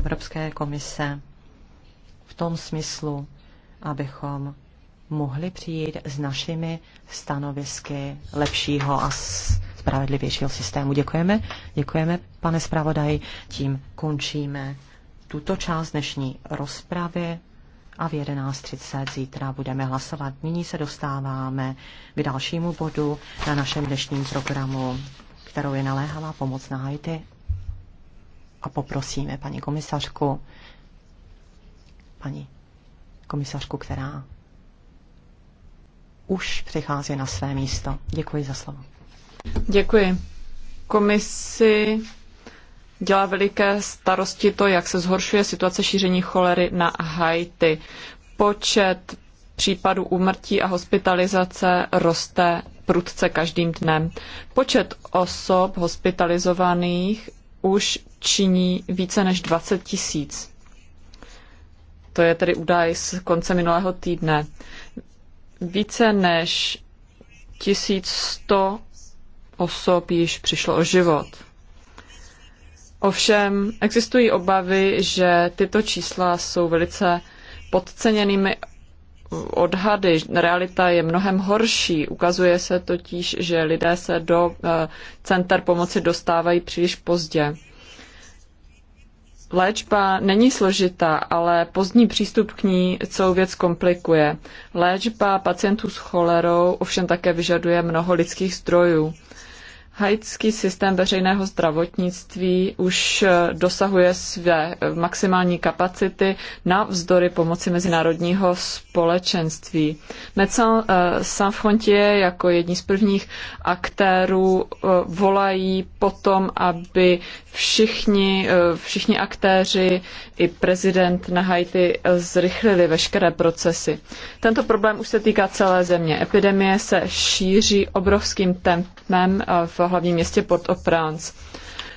Evropské komise v tom smyslu, abychom mohli přijít s našimi stanovisky lepšího a spravedlivějšího systému. Děkujeme, děkujeme, pane zpravodaj. Tím končíme tuto část dnešní rozpravy a v 11.30 zítra budeme hlasovat. Nyní se dostáváme k dalšímu bodu na našem dnešním programu, kterou je naléhavá pomoc na Haiti a poprosíme paní komisařku, paní komisařku, která už přichází na své místo. Děkuji za slovo. Děkuji. Komisi dělá veliké starosti to, jak se zhoršuje situace šíření cholery na Haiti. Počet případů úmrtí a hospitalizace roste prudce každým dnem. Počet osob hospitalizovaných už činí více než 20 tisíc. To je tedy údaj z konce minulého týdne. Více než 1100 osob již přišlo o život. Ovšem existují obavy, že tyto čísla jsou velice podceněnými odhady. Realita je mnohem horší. Ukazuje se totiž, že lidé se do eh, center pomoci dostávají příliš pozdě. Léčba není složitá, ale pozdní přístup k ní celou věc komplikuje. Léčba pacientů s cholerou ovšem také vyžaduje mnoho lidských zdrojů. Haitský systém veřejného zdravotnictví už dosahuje své maximální kapacity na vzdory pomoci mezinárodního společenství. Médecins eh, Sans Frontier jako jedni z prvních aktérů eh, volají potom, aby všichni, eh, všichni aktéři i prezident na Haiti zrychlili veškeré procesy. Tento problém už se týká celé země. Epidemie se šíří obrovským tempem eh, v hlavním městě Port-au-Prince.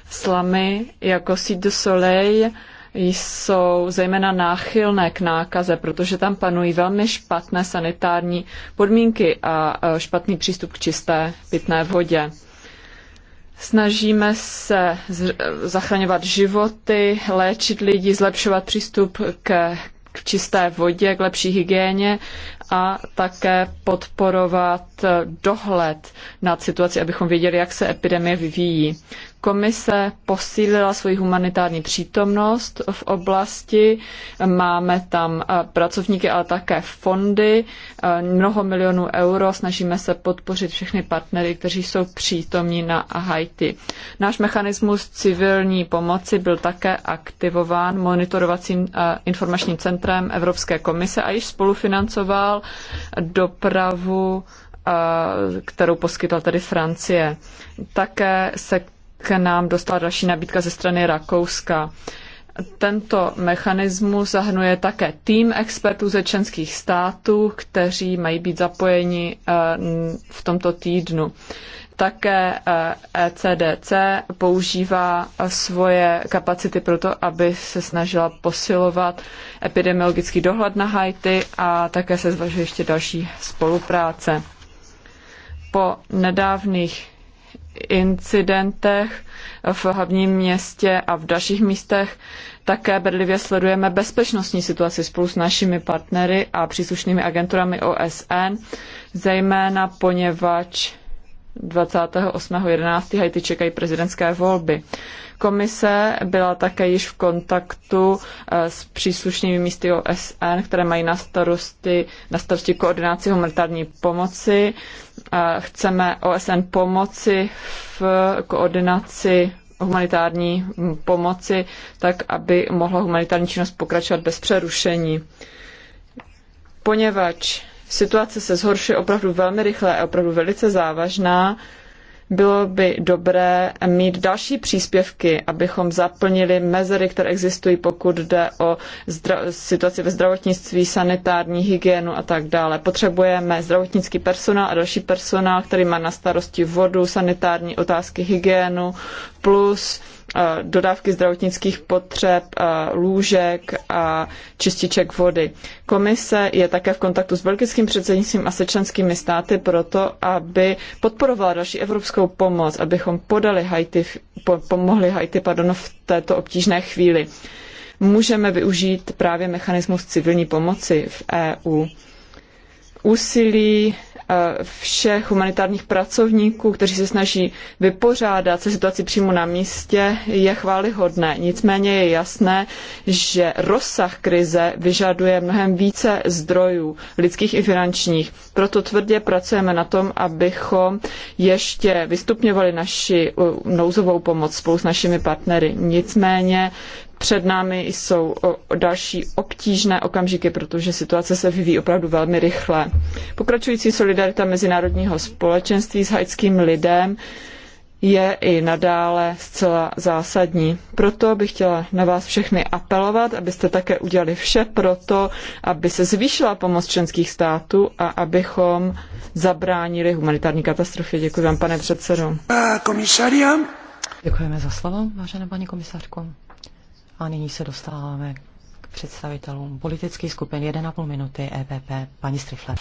Slamy jako Cité du Soleil jsou zejména náchylné k nákaze, protože tam panují velmi špatné sanitární podmínky a eh, špatný přístup k čisté pitné vodě. Snažíme se zachraňovat životy, léčit lidi, zlepšovat přístup k k čisté vodě, k lepší hygieně a také podporovat dohled nad situací, abychom věděli, jak se epidemie vyvíjí. Komise posílila svoji humanitární přítomnost v oblasti, máme tam eh, pracovníky, ale také fondy, eh, mnoho milionů euro, snažíme se podpořit všechny partnery, kteří jsou přítomní na Haiti. Náš mechanismus civilní pomoci byl také aktivován monitorovacím eh, informačním centrem Evropské komise a již spolufinancoval dopravu, kterou poskytla tedy Francie. Také se k nám dostala další nabídka ze strany Rakouska. Tento mechanismus zahrnuje také tým expertů ze členských států, kteří mají být zapojeni v tomto týdnu. Také ECDC eh, e používá svoje kapacity pro to, aby se snažila posilovat epidemiologický dohled na Haiti a také se zvažuje ještě další spolupráce. Po nedávných incidentech v hlavním městě a v dalších místech také bedlivě sledujeme bezpečnostní situaci spolu s našimi partnery a příslušnými agenturami OSN, zejména poněvadž 28.11. Haiti čekají prezidentské volby. Komise byla také již v kontaktu eh, s příslušnými místy OSN, které mají na starosti, na starosti koordinaci humanitární pomoci. Eh, chceme OSN pomoci v koordinaci humanitární pomoci, tak aby mohla humanitární činnost pokračovat bez přerušení. Poněvadž situace se zhoršuje opravdu velmi rychle a opravdu velice závažná, bylo by dobré mít další příspěvky, abychom zaplnili mezery, které existují, pokud jde o situaci ve zdravotnictví, sanitární hygienu a tak dále. Potřebujeme zdravotnický personál a další personál, který má na starosti vodu, sanitární otázky, hygienu, plus Eh, dodávky zdravotnických potřeb, eh, lůžek a čističek vody. Komise je také v kontaktu s belgickým předsednictvím a se členskými státy proto, aby podporovala další evropskou pomoc, abychom podali Haiti, pomohli Haiti pardon, v této obtížné chvíli. Můžeme využít právě mechanismus civilní pomoci v EU. Úsilí všech humanitárních pracovníků, kteří se snaží vypořádat se situací přímo na místě, je chválihodné. Nicméně je jasné, že rozsah krize vyžaduje mnohem více zdrojů, lidských i finančních. Proto tvrdě pracujeme na tom, abychom ještě vystupňovali naši uh, nouzovou pomoc spolu s našimi partnery. Nicméně před námi jsou další obtížné okamžiky, protože situace se vyvíjí opravdu velmi rychle. Pokračující solidarita mezinárodního společenství s haitským lidem je i nadále zcela zásadní. Proto bych chtěla na vás všechny apelovat, abyste také udělali vše pro to, aby se zvýšila pomoc členských států a abychom zabránili humanitární katastrofě. Děkuji vám, pane předsedo. Komisaria. Děkujeme za slovo, vážená paní komisařko. A nyní se dostáváme k představitelům politických skupin. 1,5 minuty EPP. Paní Strifler.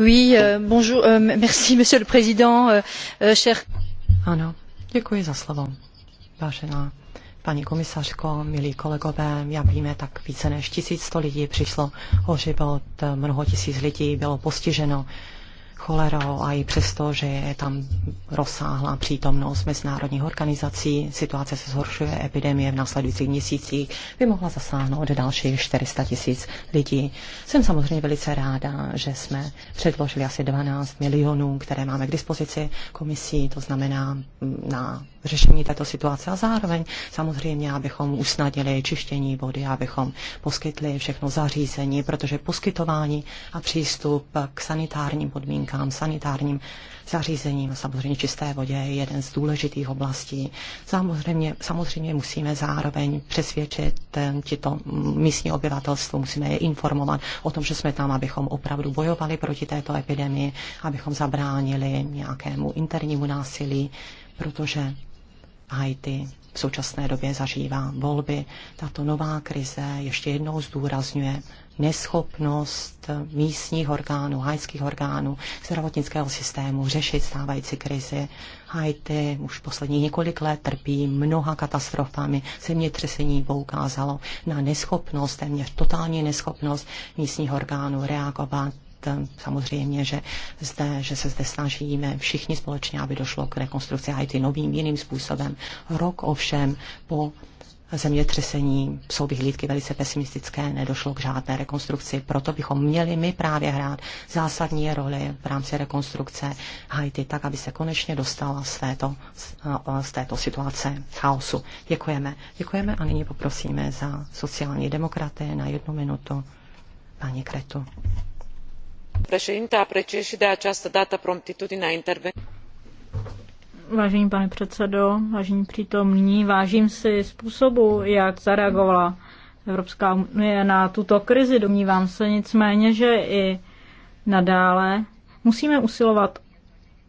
Oui, euh, bonjour, euh, merci, monsieur le président, euh, cher... Ano, děkuji za slovo. Vážená paní komisařko, milí kolegové, já víme, tak více než 1100 lidí přišlo o život, mnoho tisíc lidí bylo postiženo cholerou a i přesto, že je tam rozsáhlá přítomnost mezinárodních organizací, situace se zhoršuje, epidemie v následujících měsících by mohla zasáhnout dalších 400 tisíc lidí. Jsem samozřejmě velice ráda, že jsme předložili asi 12 milionů, které máme k dispozici komisí, to znamená mm, na řešení této situace a zároveň samozřejmě, abychom usnadnili čištění vody, abychom poskytli všechno zařízení, protože poskytování a přístup k sanitárním podmínkám, sanitárním zařízením a samozřejmě čisté vodě je jeden z důležitých oblastí. Samozřejmě, samozřejmě musíme zároveň přesvědčit eh, tito místní obyvatelstvo, musíme je informovat o tom, že jsme tam, abychom opravdu bojovali proti této epidemii, abychom zabránili nějakému internímu násilí, protože Haiti v současné době zažívá volby. Tato nová krize ještě jednou zdůrazňuje neschopnost místních orgánů, hajských orgánů, zdravotnického systému řešit stávající krizi. Haiti už poslední několik let trpí mnoha katastrofami. Zemětřesení poukázalo na neschopnost, téměř totální neschopnost místních orgánů reagovat Ehm, samozřejmě, že, zde, že se zde snažíme všichni společně, aby došlo k rekonstrukci Haiti novým jiným způsobem. Rok ovšem po zemětřesení jsou vyhlídky velice pesimistické, nedošlo k žádné rekonstrukci. Proto bychom měli my právě hrát zásadní roli v rámci rekonstrukce Haiti, tak aby se konečně dostala z této, z této situace chaosu. Děkujeme. Děkujeme a nyní poprosíme za sociální demokraty na jednu minutu paní Kretu apreciez i de această dată promptitudinea interveniei. Vážený pane předsedo, vážení přítomní, vážím si způsobu, jak zareagovala Evropská unie na tuto krizi. Domnívám se nicméně, že i nadále musíme usilovat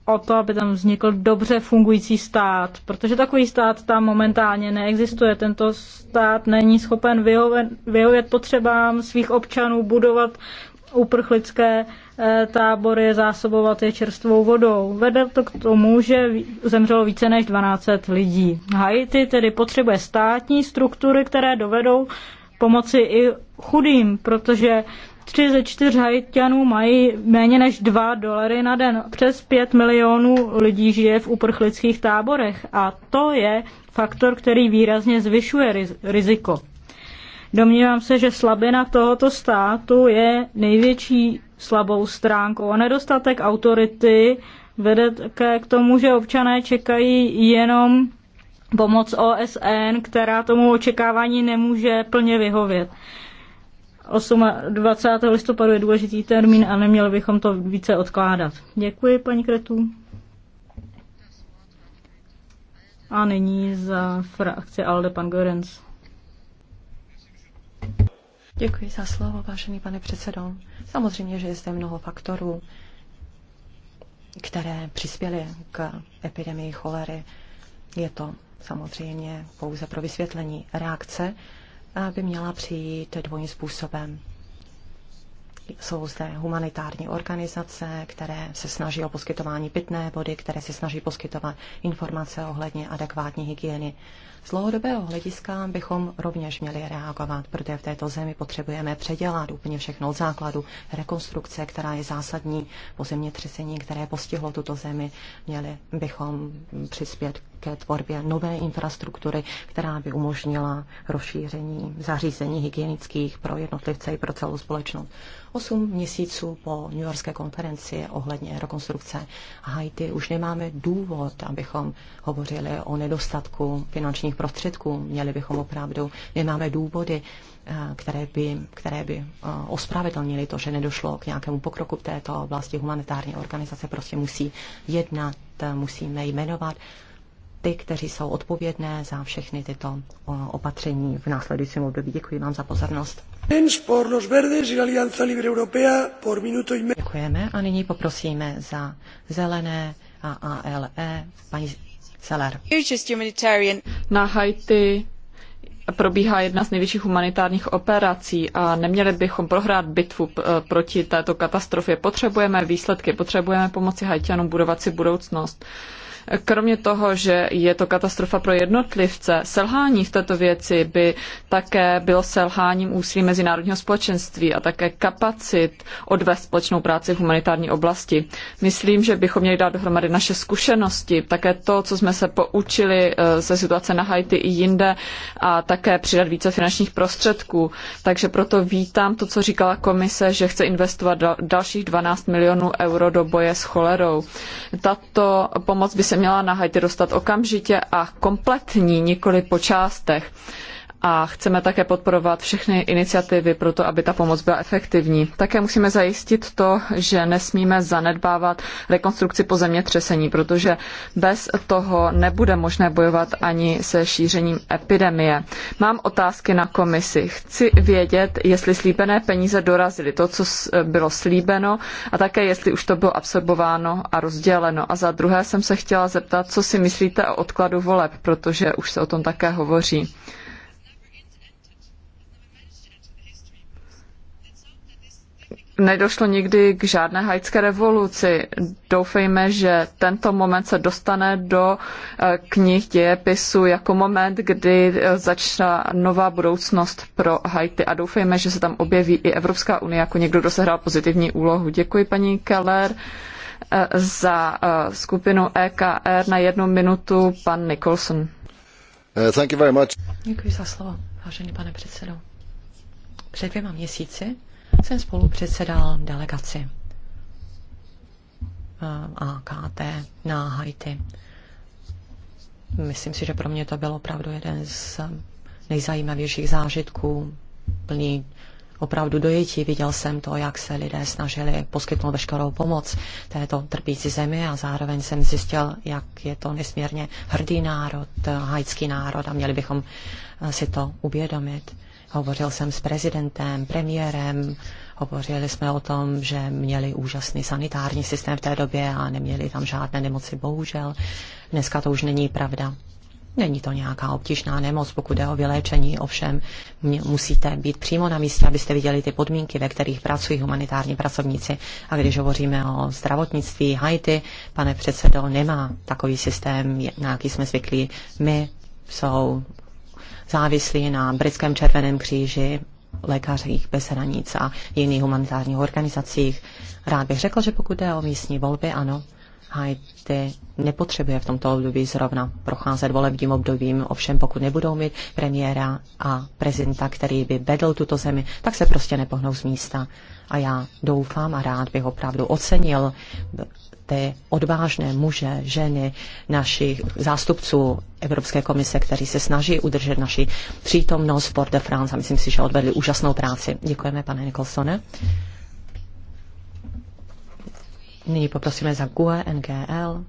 o to, aby tam vznikl dobře fungující stát, protože takový stát tam momentálně neexistuje. Tento stát není schopen vyhovět potřebám svých občanů, budovat uprchlické eh, tábory, zásobovat je čerstvou vodou. Vede to k tomu, že zemřelo více než 12 lidí. Haiti tedy potřebuje státní struktury, které dovedou pomoci i chudým, protože tři ze čtyř Haitianů mají méně než 2 dolary na den. Přes 5 milionů lidí žije v uprchlických táborech a to je faktor, který výrazně zvyšuje riziko. Domnívám se, že slabina tohoto státu je největší slabou stránkou a nedostatek autority vede také k tomu, že občané čekají jenom pomoc OSN, která tomu očekávání nemůže plně vyhovět. 20. listopadu je důležitý termín a neměli bychom to více odkládat. Děkuji, paní Kretu. A nyní za frakci Alde Pangorens. Děkuji za slovo, vážený pane předsedo. Samozřejmě, že je zde mnoho faktorů, které přispěly k epidemii cholery. Je to samozřejmě pouze pro vysvětlení. Reakce by měla přijít dvojím způsobem jsou zde humanitární organizace, které se snaží o poskytování pitné vody, které se snaží poskytovat informace ohledně adekvátní hygieny. Z dlouhodobého hlediska bychom rovněž měli reagovat, protože v této zemi potřebujeme předělat úplně všechno od základu. Rekonstrukce, která je zásadní po zemětřesení, které postihlo tuto zemi, měli bychom přispět ke tvorbě nové infrastruktury, která by umožnila rozšíření zařízení hygienických pro jednotlivce i pro celou společnost. Osm měsíců po New Yorkské konferenci ohledně rekonstrukce Haiti už nemáme důvod, abychom hovořili o nedostatku finančních prostředků. Měli bychom opravdu, nemáme důvody eh, které by, které by eh, ospravedlnili to, že nedošlo k nějakému pokroku v této oblasti. Humanitární organizace prostě musí jednat, musíme jmenovat ty, kteří jsou odpovědné za všechny tyto opatření v následujícím období. Děkuji vám za pozornost. Děkujeme a nyní poprosíme za zelené a ALE paní Seller. Na Haiti probíhá jedna z největších humanitárních operací a neměli bychom prohrát bitvu eh, proti této katastrofě. Potřebujeme výsledky, potřebujeme pomoci Haitianům budovat si budoucnost. Kromě toho, že je to katastrofa pro jednotlivce, selhání v této věci by také bylo selháním úsilí mezinárodního společenství a také kapacit odvést společnou práci v humanitární oblasti. Myslím, že bychom měli dát dohromady naše zkušenosti, také to, co jsme se poučili eh, ze situace na Haiti i jinde a také přidat více finančních prostředků. Takže proto vítám to, co říkala komise, že chce investovat dalších 12 milionů euro do boje s cholerou. Tato pomoc by se měla na Haiti dostat okamžitě a kompletní, nikoli po částech a chceme také podporovat všechny iniciativy pro to, aby ta pomoc byla efektivní. Také musíme zajistit to, že nesmíme zanedbávat rekonstrukci po zemětřesení, protože bez toho nebude možné bojovat ani se šířením epidemie. Mám otázky na komisi. Chci vědět, jestli slíbené peníze dorazily, to, co bylo slíbeno, a také jestli už to bylo absorbováno a rozděleno. A za druhé jsem se chtěla zeptat, co si myslíte o odkladu voleb, protože už se o tom také hovoří. nedošlo nikdy k žádné haitské revoluci. Doufejme, že tento moment se dostane do eh, knih dějepisu jako moment, kdy eh, začne nová budoucnost pro Haiti a doufejme, že se tam objeví i Evropská unie jako někdo, kdo sehrál pozitivní úlohu. Děkuji paní Keller eh, za skupinu EKR na jednu minutu pan Nicholson. Thank you very much. Děkuji za slovo, vážený pane předsedo. Před dvěma měsíci jsem spolupředsedal delegaci eh, AKT na Haiti. Myslím si, že pro mě to byl opravdu jeden z nejzajímavějších zážitků, plný opravdu dojetí. Viděl jsem to, jak se lidé snažili poskytnout veškerou pomoc této trpící zemi a zároveň jsem zjistil, jak je to nesmírně hrdý národ, eh, haitský národ a měli bychom eh, si to uvědomit. Hovořil jsem s prezidentem, premiérem, hovořili jsme o tom, že měli úžasný sanitární systém v té době a neměli tam žádné nemoci, bohužel. Dneska to už není pravda. Není to nějaká obtížná nemoc, pokud je o vyléčení, ovšem musíte být přímo na místě, abyste viděli ty podmínky, ve kterých pracují humanitární pracovníci. A když hovoříme o zdravotnictví Haiti, pane předsedo, nemá takový systém, na jaký jsme zvyklí. My jsou závislí na britském červeném kříži, lékařích bez hranic a jiných humanitárních organizacích. Rád bych řekl, že pokud jde o místní volby, ano, Haiti nepotřebuje v tomto období zrovna procházet volebním obdobím, ovšem pokud nebudou mít premiéra a prezidenta, který by vedl tuto zemi, tak se prostě nepohnou z místa a já doufám a rád bych opravdu ocenil ty odvážné muže, ženy, našich zástupců Evropské komise, kteří se snaží udržet naši přítomnost Port de France a myslím si, že odvedli úžasnou práci. Děkujeme, pane Nicholsone. Nyní poprosíme za GUE, NGL.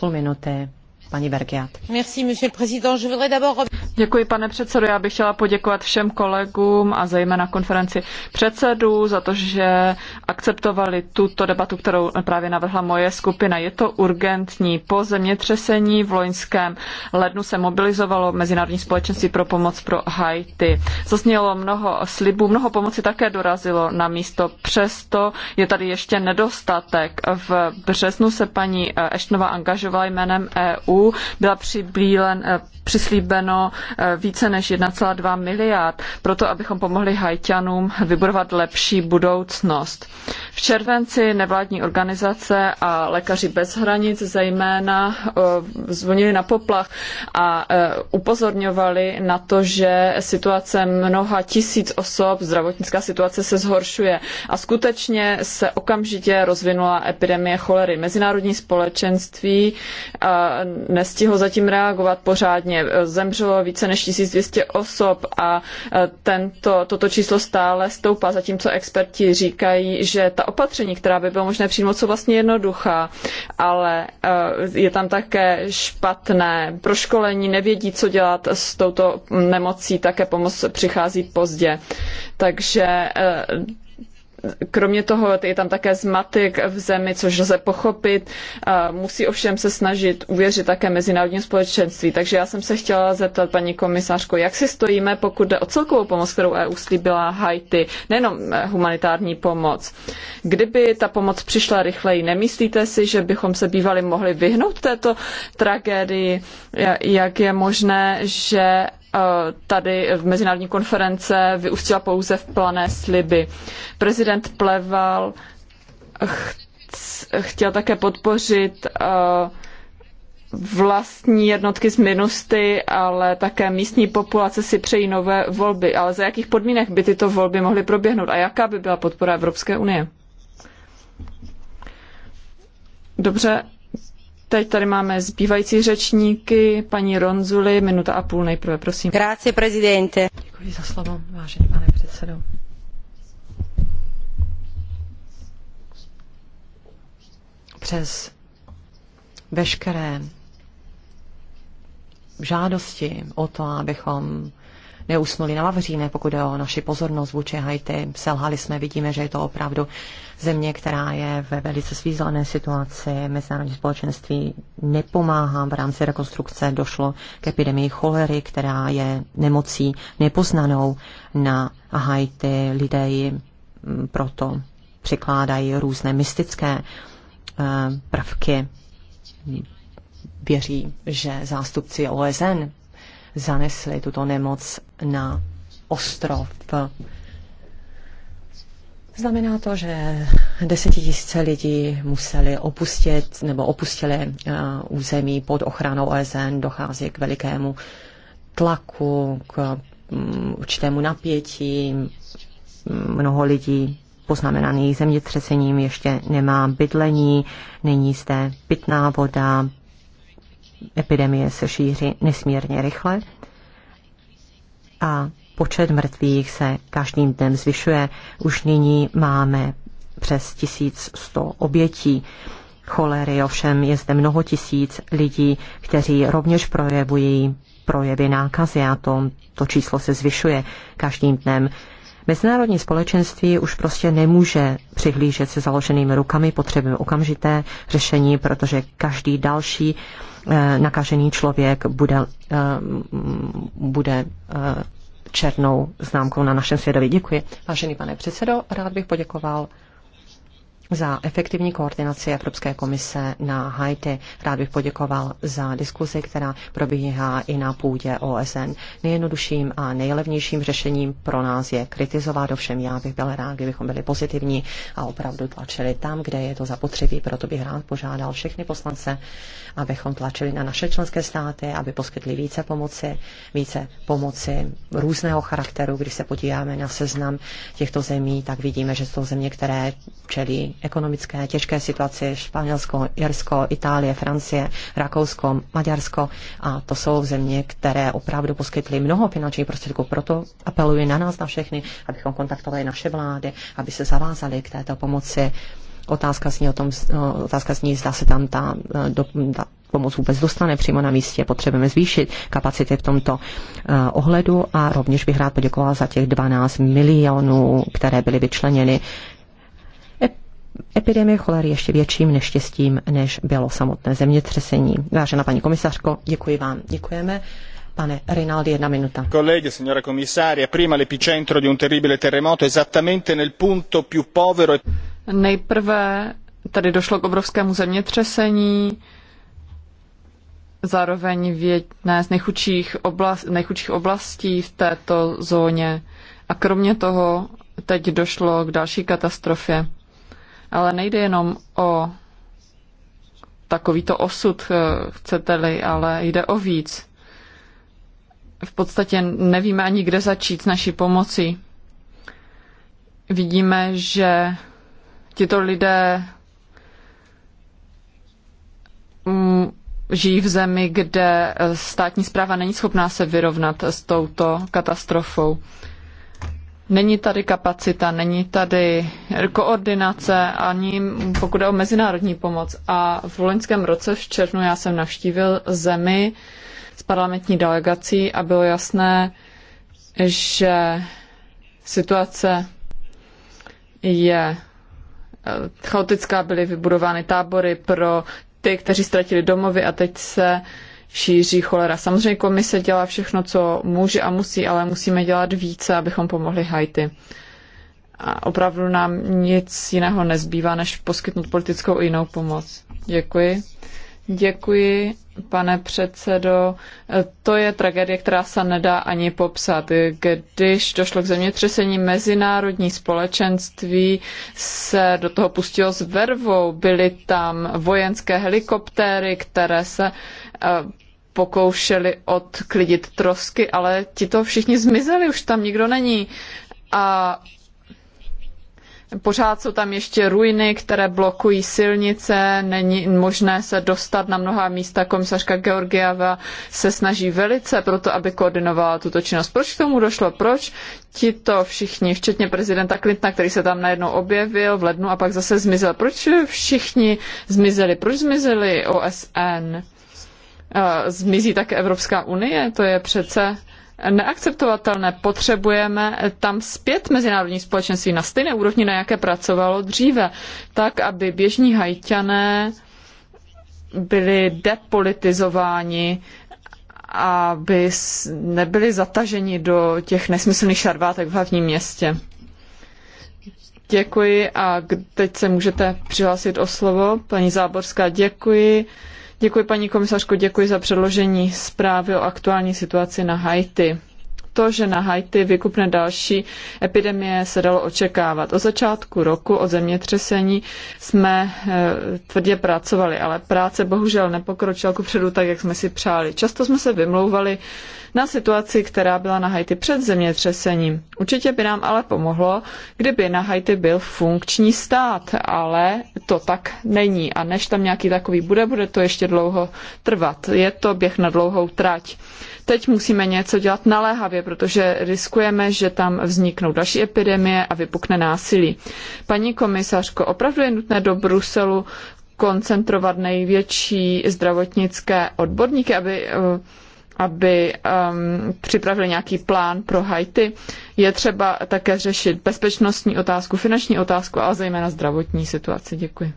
půl minuty. Paní Bergiat. Merci, monsieur le président. Je voudrais d'abord... Děkuji, pane předsedo. Já bych chtěla poděkovat všem kolegům a zejména konferenci předsedů za to, že akceptovali tuto debatu, kterou právě navrhla moje skupina. Je to urgentní. Po zemětřesení v loňském lednu se mobilizovalo Mezinárodní společenství pro pomoc pro Haiti. Zasnělo mnoho slibů, mnoho pomoci také dorazilo na místo. Přesto je tady ještě nedostatek. V březnu se paní Eštnova angažovala jménem EU. Byla přiblílen, eh, přislíbeno Eh, více než 1,2 miliard to, abychom pomohli Haitianům vybudovat lepší budoucnost. V červenci nevládní organizace a lékaři bez hranic zejména eh, zvonili na poplach a eh, upozorňovali na to, že situace mnoha tisíc osob, zdravotnická situace se zhoršuje a skutečně se okamžitě rozvinula epidemie cholery. Mezinárodní společenství nestihlo zatím reagovat pořádně. Zemřelo více než 1200 osob a e, tento, toto číslo stále stoupá, zatímco experti říkají, že ta opatření, která by bylo možné přijmout, jsou vlastně jednoduchá, ale e, je tam také špatné proškolení, nevědí, co dělat s touto nemocí, také pomoc přichází pozdě. Takže e, Kromě toho je tam také zmatek v zemi, což lze pochopit. Musí ovšem se snažit uvěřit také mezinárodní společenství. Takže já jsem se chtěla zeptat, paní komisářko, jak si stojíme, pokud jde o celkovou pomoc, kterou EU slíbila Haiti, nejenom eh, humanitární pomoc. Kdyby ta pomoc přišla rychleji, nemyslíte si, že bychom se bývali mohli vyhnout této tragédii? Jak je možné, že Eh, tady v mezinárodní konference vyústila pouze v plané sliby. Prezident Pleval chtěl také podpořit eh, vlastní jednotky z minusty, ale také místní populace si přejí nové volby. Ale za jakých podmínek by tyto volby mohly proběhnout a jaká by byla podpora Evropské unie? Dobře, Teď tady máme zbývající řečníky, paní Ronzuli, minuta a půl nejprve, prosím. Grazie, prezidente. Děkuji za slovo, vážený pane předsedo. Přes veškeré žádosti o to, abychom neusnuli na Vavříne, pokud je o naši pozornost vůči Haiti. Selhali jsme, vidíme, že je to opravdu země, která je ve velice svízelné situaci. Mezinárodní společenství nepomáhá v rámci rekonstrukce. Došlo k epidemii cholery, která je nemocí nepoznanou na Haiti. Lidé ji mm, proto přikládají různé mystické eh, prvky věří, že zástupci OSN zanesli tuto nemoc na ostrov. Znamená to, že desetitisíce lidí museli opustit nebo opustili uh, území pod ochranou OSN, dochází k velikému tlaku, k um, určitému napětí. Mnoho lidí poznamenaných zemětřesením ještě nemá bydlení, není zde pitná voda, epidemie se šíří nesmírně rychle a počet mrtvých se každým dnem zvyšuje. Už nyní máme přes 1100 obětí. Cholery ovšem je zde mnoho tisíc lidí, kteří rovněž projevují projevy nákazy a to, to číslo se zvyšuje každým dnem. Mezinárodní společenství už prostě nemůže přihlížet se založenými rukami, potřebujeme okamžité řešení, protože každý další uh, Eh, nakažený člověk bude, eh, bude eh, černou známkou na našem svědomí. Děkuji. Vážený pane předsedo, rád bych poděkoval za efektivní koordinaci Evropské komise na Haiti. Rád bych poděkoval za diskuzi, která probíhá i na půdě OSN. Nejjednodušším a nejlevnějším řešením pro nás je kritizovat, ovšem já bych byl rád, kdybychom byli pozitivní a opravdu tlačili tam, kde je to zapotřebí. Proto bych rád požádal všechny poslance, abychom tlačili na naše členské státy, aby poskytli více pomoci, více pomoci různého charakteru. Když se podíváme na seznam těchto zemí, tak vidíme, že jsou země, které čelí ekonomické těžké situaci Španělsko, Jirsko, Itálie, Francie, Rakousko, Maďarsko a to jsou země, které opravdu poskytly mnoho finančních prostředků. Proto apeluji na nás, na všechny, abychom kontaktovali naše vlády, aby se zavázali k této pomoci. Otázka zní, o tom, otázka zní zda se tam ta, do, ta pomoc vůbec dostane přímo na místě. Potřebujeme zvýšit kapacity v tomto eh, ohledu a rovněž bych rád poděkoval za těch 12 milionů, které byly vyčleněny epidemie cholery ještě větším neštěstím, než bylo samotné zemětřesení. Vážená paní komisařko, děkuji vám. Děkujeme. Pane Rinaldi, jedna minuta. Kolegy, signora komisária, prima l'epicentro di un terribile terremoto esattamente nel punto più povero. E- Nejprve tady došlo k obrovskému zemětřesení, zároveň v jedné z nejchudších, oblast, nejchudších oblastí v této zóně. A kromě toho teď došlo k další katastrofě. Ale nejde jenom o takovýto osud, eh, chcete-li, ale jde o víc. V podstatě nevíme ani, kde začít s naší pomocí. Vidíme, že tito lidé mm, žijí v zemi, kde eh, státní zpráva není schopná se vyrovnat s touto katastrofou. Není tady kapacita, není tady koordinace, ani pokud je o mezinárodní pomoc. A v loňském roce v červnu já jsem navštívil zemi s parlamentní delegací a bylo jasné, že situace je eh, chaotická, byly vybudovány tábory pro ty, kteří ztratili domovy a teď se šíří cholera. Samozřejmě komise dělá všechno, co může a musí, ale musíme dělat více, abychom pomohli Haiti. A opravdu nám nic jiného nezbývá, než poskytnout politickou i jinou pomoc. Děkuji. Děkuji, pane předsedo. To je tragédie, která se nedá ani popsat. Když došlo k zemětřesení, mezinárodní společenství se do toho pustilo s vervou. Byly tam vojenské helikoptéry, které se pokoušeli odklidit trosky, ale ti to všichni zmizeli, už tam nikdo není. A Pořád jsou tam ještě ruiny, které blokují silnice, není možné se dostat na mnoha místa. Komisařka Georgieva se snaží velice proto, aby koordinovala tuto činnost. Proč k tomu došlo? Proč ti to všichni, včetně prezidenta Clintona, který se tam najednou objevil v lednu a pak zase zmizel? Proč všichni zmizeli? Proč zmizeli OSN? zmizí také Evropská unie. To je přece neakceptovatelné. Potřebujeme tam zpět mezinárodní společenství na stejné úrovni, na jaké pracovalo dříve, tak, aby běžní hajťané byli depolitizováni, aby nebyli zataženi do těch nesmyslných šarvátek v hlavním městě. Děkuji a teď se můžete přihlásit o slovo. Paní Záborská, děkuji. Děkuji paní komisařko, děkuji za předložení zprávy o aktuální situaci na Haiti. To, že na Haiti vykupne další epidemie, se dalo očekávat. Od začátku roku, od zemětřesení, jsme eh, tvrdě pracovali, ale práce bohužel nepokročila ku předu tak, jak jsme si přáli. Často jsme se vymlouvali na situaci, která byla na Haiti před zemětřesením. Určitě by nám ale pomohlo, kdyby na Haiti byl funkční stát, ale to tak není. A než tam nějaký takový bude, bude to ještě dlouho trvat. Je to běh na dlouhou trať. Teď musíme něco dělat naléhavě, protože riskujeme, že tam vzniknou další epidemie a vypukne násilí. Paní komisařko, opravdu je nutné do Bruselu koncentrovat největší zdravotnické odborníky, aby eh, aby um, připravili nějaký plán pro Haiti. Je třeba také řešit bezpečnostní otázku, finanční otázku, ale zejména zdravotní situaci. Děkuji.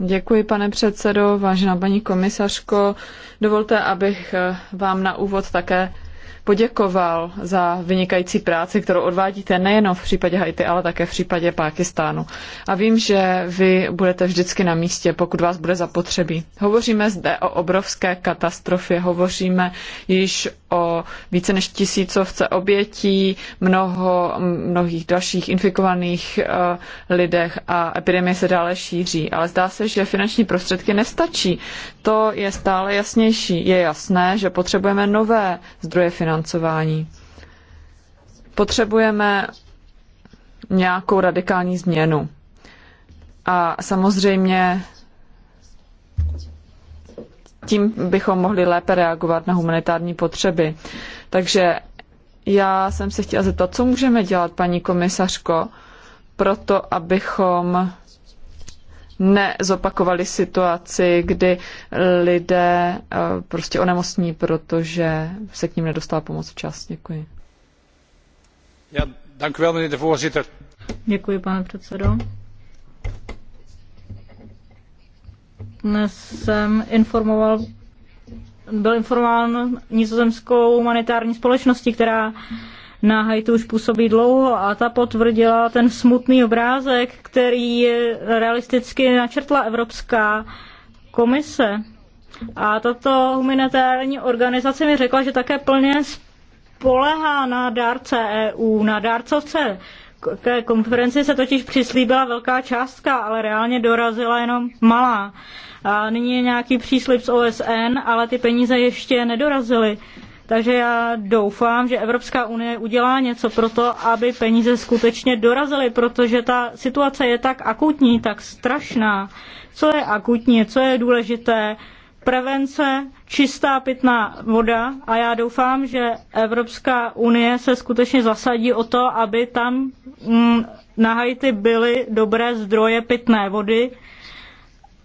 Děkuji, pane předsedo, vážená paní komisařko. Dovolte, abych eh, vám na úvod také poděkoval za vynikající práci, kterou odvádíte nejenom v případě Haiti, ale také v případě Pákistánu. A vím, že vy budete vždycky na místě, pokud vás bude zapotřebí. Hovoříme zde o obrovské katastrofě, hovoříme již o více než tisícovce obětí, mnoho, mnohých dalších infikovaných uh, lidech a epidemie se dále šíří. Ale zdá se, že finanční prostředky nestačí. To je stále jasnější. Je jasné, že potřebujeme nové zdroje finanční financování. Potřebujeme nějakou radikální změnu. A samozřejmě tím bychom mohli lépe reagovat na humanitární potřeby. Takže já jsem se chtěla zeptat, co můžeme dělat, paní komisařko, proto abychom nezopakovali situaci, kdy lidé eh, prostě onemocní, protože se k ním nedostala pomoc včas. Děkuji. Ja, dank u wel, de voorzitter. Děkuji, pane předsedo. Dnes jsem informoval, byl informován nizozemskou humanitární společností, která na Haiti už působí dlouho a ta potvrdila ten smutný obrázek, který realisticky načrtla Evropská komise. A tato humanitární organizace mi řekla, že také plně spolehá na dárce EU, na dárcovce. K konferenci se totiž přislíbila velká částka, ale reálně dorazila jenom malá. A nyní je nějaký příslip z OSN, ale ty peníze ještě nedorazily. Takže já doufám, že Evropská unie udělá něco pro to, aby peníze skutečně dorazily, protože ta situace je tak akutní, tak strašná. Co je akutní, co je důležité, prevence, čistá pitná voda a já doufám, že Evropská unie se skutečně zasadí o to, aby tam mm, na Haiti byly dobré zdroje pitné vody,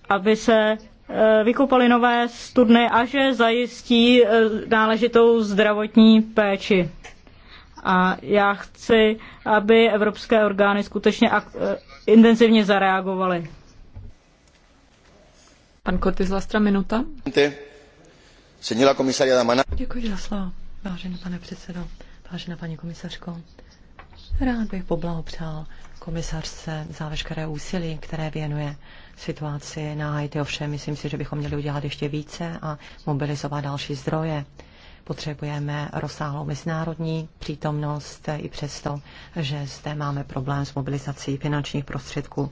aby se Eh, vykopali nové studny a že zajistí eh, náležitou zdravotní péči. A já chci, aby evropské orgány skutečně eh, intenzivně zareagovaly. Pan z Lastra, minuta. Děkuji za slovo, vážený pane předsedo, vážená paní komisařko. Rád bych poblahopřál komisařce za veškeré úsilí, které věnuje situaci na Haiti. Ovšem, myslím si, že bychom měli udělat ještě více a mobilizovat další zdroje. Potřebujeme rozsáhlou mezinárodní přítomnost i přesto, že zde máme problém s mobilizací finančních prostředků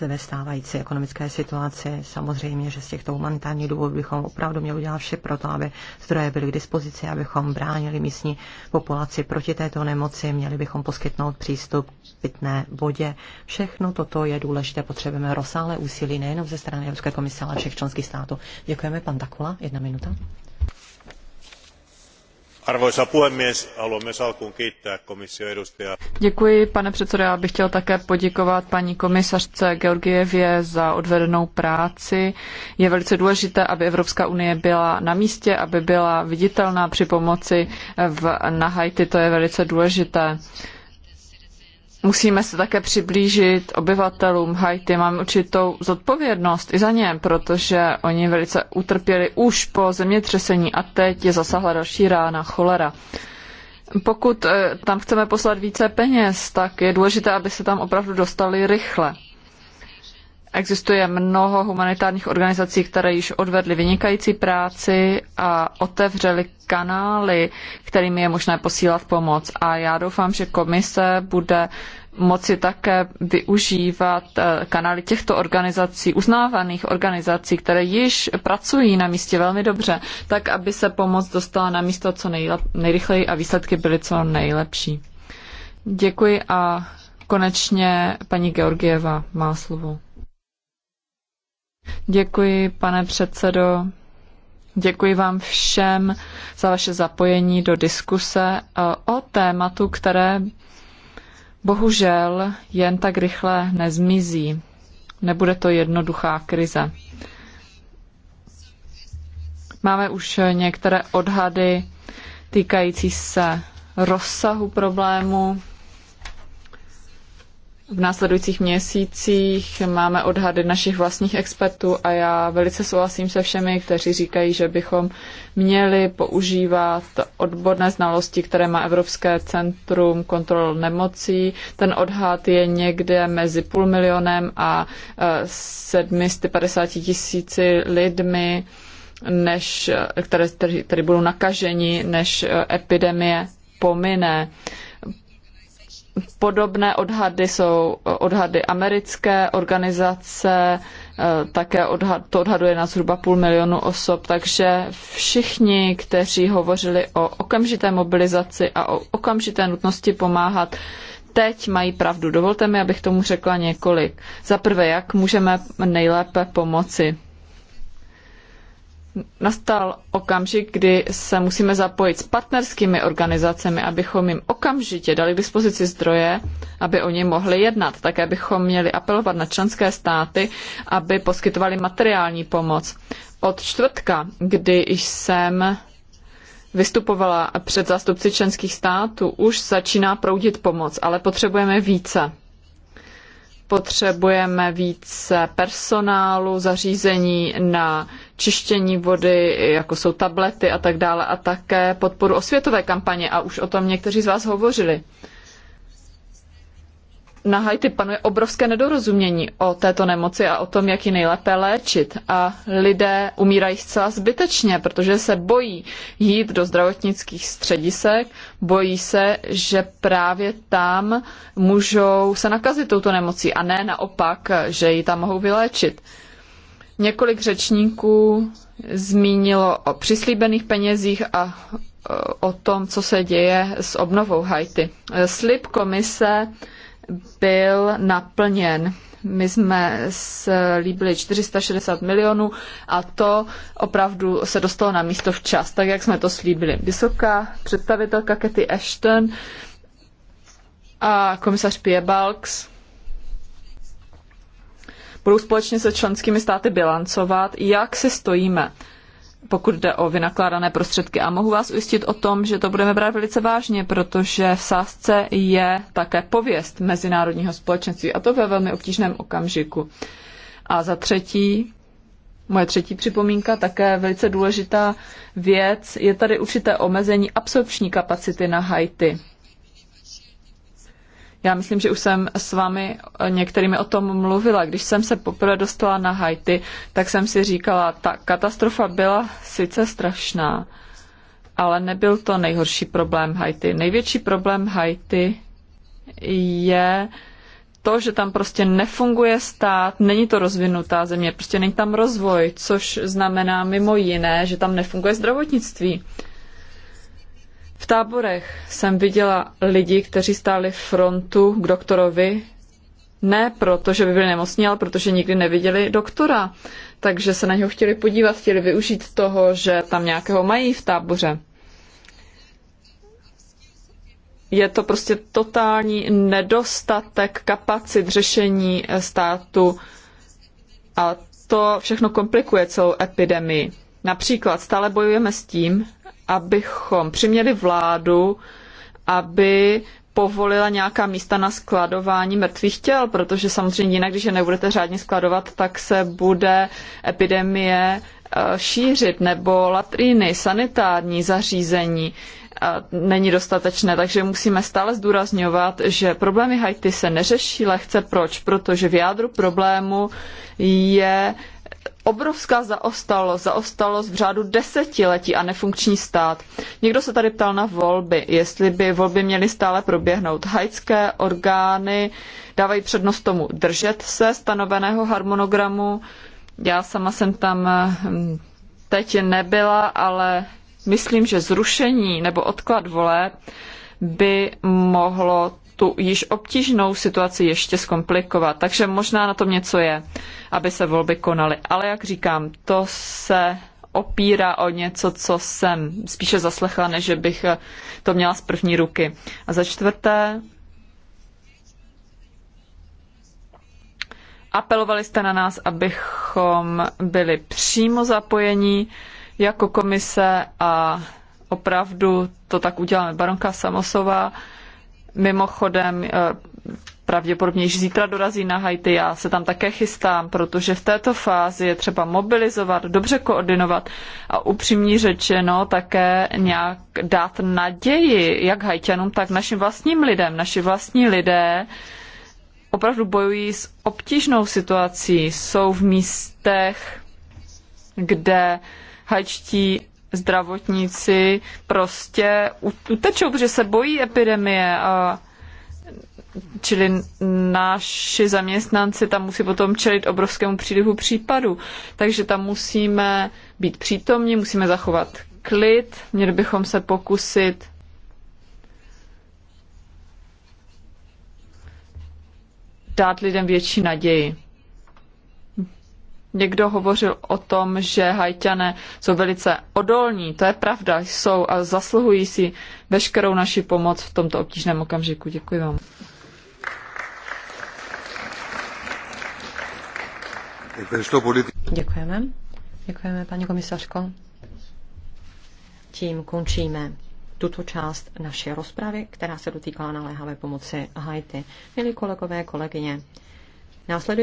ve stávající ekonomické situaci. Samozřejmě, že z těchto humanitárních důvodů bychom opravdu měli udělat vše pro to, aby zdroje byly k dispozici, abychom bránili místní populaci proti této nemoci, měli bychom poskytnout přístup k pitné vodě. Všechno toto je důležité, potřebujeme rozsáhlé úsilí nejenom ze strany Evropské komise, ale všech členských států. Děkujeme, pan Takula, jedna minuta. Arvoisa puhemies, haluan myös alkuun kiittää komission edustajaa. Děkuji, pane předsedo. Já bych chtěl také poděkovat paní komisařce georgievové za odvedenou práci. Je velice důležité, aby Evropská unie byla na místě, aby byla viditelná při pomoci v, na Haiti. To je velice důležité musíme se také přiblížit obyvatelům Haiti. Máme určitou zodpovědnost i za ně, protože oni velice utrpěli už po zemětřesení a teď je zasahla další rána, cholera. Pokud eh, tam chceme poslat více peněz, tak je důležité, aby se tam opravdu dostali rychle. Existuje mnoho humanitárních organizací, které již odvedly vynikající práci a otevřely kanály, kterými je možné posílat pomoc. A já doufám, že komise bude moci také využívat eh, kanály těchto organizací, uznávaných organizací, které již pracují na místě velmi dobře, tak aby se pomoc dostala na místo co nejrychleji a výsledky byly co nejlepší. Děkuji a konečně paní Georgieva má slovo. Děkuji, pane předsedo. Děkuji vám všem za vaše zapojení do diskuse eh, o tématu, které bohužel jen tak rychle nezmizí. Nebude to jednoduchá krize. Máme už některé odhady týkající se rozsahu problému, v následujících měsících máme odhady našich vlastních expertů a já velice souhlasím se všemi, kteří říkají, že bychom měli používat odborné znalosti, které má Evropské centrum kontrol nemocí. Ten odhad je někde mezi půl milionem a 750 e, tisíci lidmi, než, e, které, tedy budou nakaženi, než e, epidemie pomine. Podobné odhady jsou odhady americké organizace, eh, také odhad, to odhaduje na zhruba půl milionu osob, takže všichni, kteří hovořili o okamžité mobilizaci a o okamžité nutnosti pomáhat, teď mají pravdu. Dovolte mi, abych tomu řekla několik. Za prvé, jak můžeme nejlépe pomoci? nastal okamžik, kdy se musíme zapojit s partnerskými organizacemi, abychom jim okamžitě dali k dispozici zdroje, aby oni mohli jednat. Také bychom měli apelovat na členské státy, aby poskytovali materiální pomoc. Od čtvrtka, kdy jsem vystupovala před zástupci členských států, už začíná proudit pomoc, ale potřebujeme více potřebujeme více personálu, zařízení na čištění vody, jako jsou tablety a tak dále, a také podporu osvětové kampaně, a už o tom někteří z vás hovořili na Haiti panuje obrovské nedorozumění o této nemoci a o tom, jak ji nejlépe léčit. A lidé umírají zcela zbytečně, protože se bojí jít do zdravotnických středisek, bojí se, že právě tam můžou se nakazit touto nemocí a ne naopak, že ji tam mohou vyléčit. Několik řečníků zmínilo o přislíbených penězích a e, o tom, co se děje s obnovou Haiti. E, slib komise byl naplněn. My jsme slíbili 460 milionů a to opravdu se dostalo na místo včas, tak jak jsme to slíbili. Vysoká představitelka Kathy Ashton a komisař Balks budou společně se členskými státy bilancovat, jak se stojíme pokud jde o vynakládané prostředky. A mohu vás ujistit o tom, že to budeme brát velice vážně, protože v sázce je také pověst mezinárodního společenství a to ve velmi obtížném okamžiku. A za třetí, moje třetí připomínka, také velice důležitá věc, je tady určité omezení absorpční kapacity na Haiti. Já myslím, že už jsem s vámi eh, některými o tom mluvila. Když jsem se poprvé dostala na Haiti, tak jsem si říkala, ta katastrofa byla sice strašná, ale nebyl to nejhorší problém Haiti. Největší problém Haiti je to, že tam prostě nefunguje stát, není to rozvinutá země, prostě není tam rozvoj, což znamená mimo jiné, že tam nefunguje zdravotnictví. V táborech jsem viděla lidi, kteří stáli frontu k doktorovi, ne proto, že by byli nemocní, ale protože nikdy neviděli doktora. Takže se na něho chtěli podívat, chtěli využít toho, že tam nějakého mají v táboře. Je to prostě totální nedostatek kapacit řešení eh, státu a to všechno komplikuje celou epidemii. Například stále bojujeme s tím, abychom přiměli vládu, aby povolila nějaká místa na skladování mrtvých těl, protože samozřejmě jinak, když je nebudete řádně skladovat, tak se bude epidemie eh, šířit, nebo latriny, sanitární zařízení eh, není dostatečné, takže musíme stále zdůrazňovat, že problémy Haiti se neřeší lehce. Proč? Protože v jádru problému je obrovská zaostalost, zaostalost v řádu desetiletí a nefunkční stát. Někdo se tady ptal na volby, jestli by volby měly stále proběhnout. Haitské orgány dávají přednost tomu držet se stanoveného harmonogramu. Já sama jsem tam hm, teď nebyla, ale myslím, že zrušení nebo odklad voleb by mohlo tu již obtížnou situaci ještě zkomplikovat. Takže možná na tom něco je, aby se volby konaly. Ale jak říkám, to se opírá o něco, co jsem spíše zaslechla, než bych to měla z první ruky. A za čtvrté, apelovali jste na nás, abychom byli přímo zapojeni jako komise a opravdu to tak udělala Baronka Samosová Mimochodem, eh, pravděpodobně již zítra dorazí na Haiti, já se tam také chystám, protože v této fázi je třeba mobilizovat, dobře koordinovat a upřímně řečeno také nějak dát naději jak Haitianům, tak našim vlastním lidem. Naši vlastní lidé opravdu bojují s obtížnou situací, jsou v místech, kde hajčtí zdravotníci prostě utečou, protože se bojí epidemie a čili naši zaměstnanci tam musí potom čelit obrovskému přílivu případů. Takže tam musíme být přítomní, musíme zachovat klid, měli bychom se pokusit dát lidem větší naději. Někdo hovořil o tom, že hajťané jsou velice odolní. To je pravda, jsou a zasluhují si veškerou naši pomoc v tomto obtížném okamžiku. Děkuji vám. Děkujeme. Děkujeme, paní komisařko. Tím končíme tuto část naší rozpravy, která se dotýkala naléhavé pomoci Haiti. Milí kolegové, kolegyně, následuje